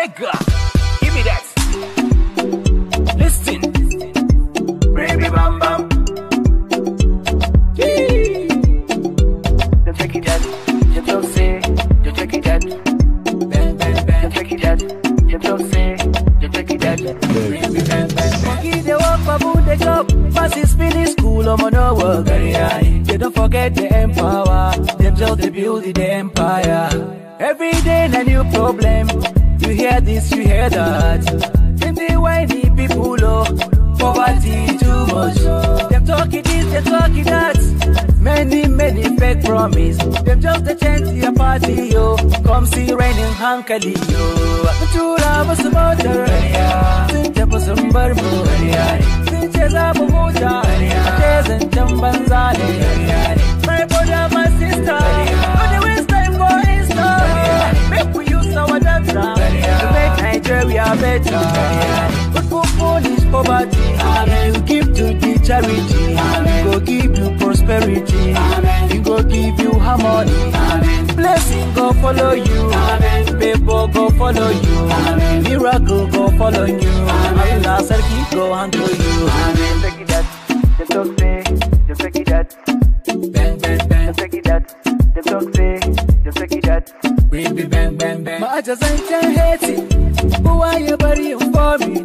Beggar, give me that. Listen, baby bam bam. Don't take it that, you don't say. Don't take it that, bam, ben ben. Don't take it that, you don't say. Don't take it that, baby ben ben. Monkey they walk, baboon they jump. Masses finish school, I'm on no work. They don't forget the empower. Them just they build the empire. Every day a new problem you hear this, you hear that. Them they whiny people, oh, poverty too much. Them talking this, they talking that. Many, many fake promise. Them just a chance your party, yo. Come see rain in Hankali, yo. Tura was about the rain, yeah. Since there was some barbarian, since there's a better. Good for police poverty. Amen. You give to the charity. Amen. Go give you prosperity. Amen. You go give you harmony. Amen. Blessing go follow you. Amen. People go follow you. Amen. Miracle go follow you. Amen. Allah keep go to you. Amen. Take it that. They talk say. They take it that. Bang bang bang. They take it They talk say. that. We be bang bang bang. Ma just ain't hate it. But you for me?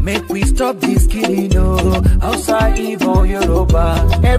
Make we stop this killing, no. Oh. Outside evil Yoruba. Every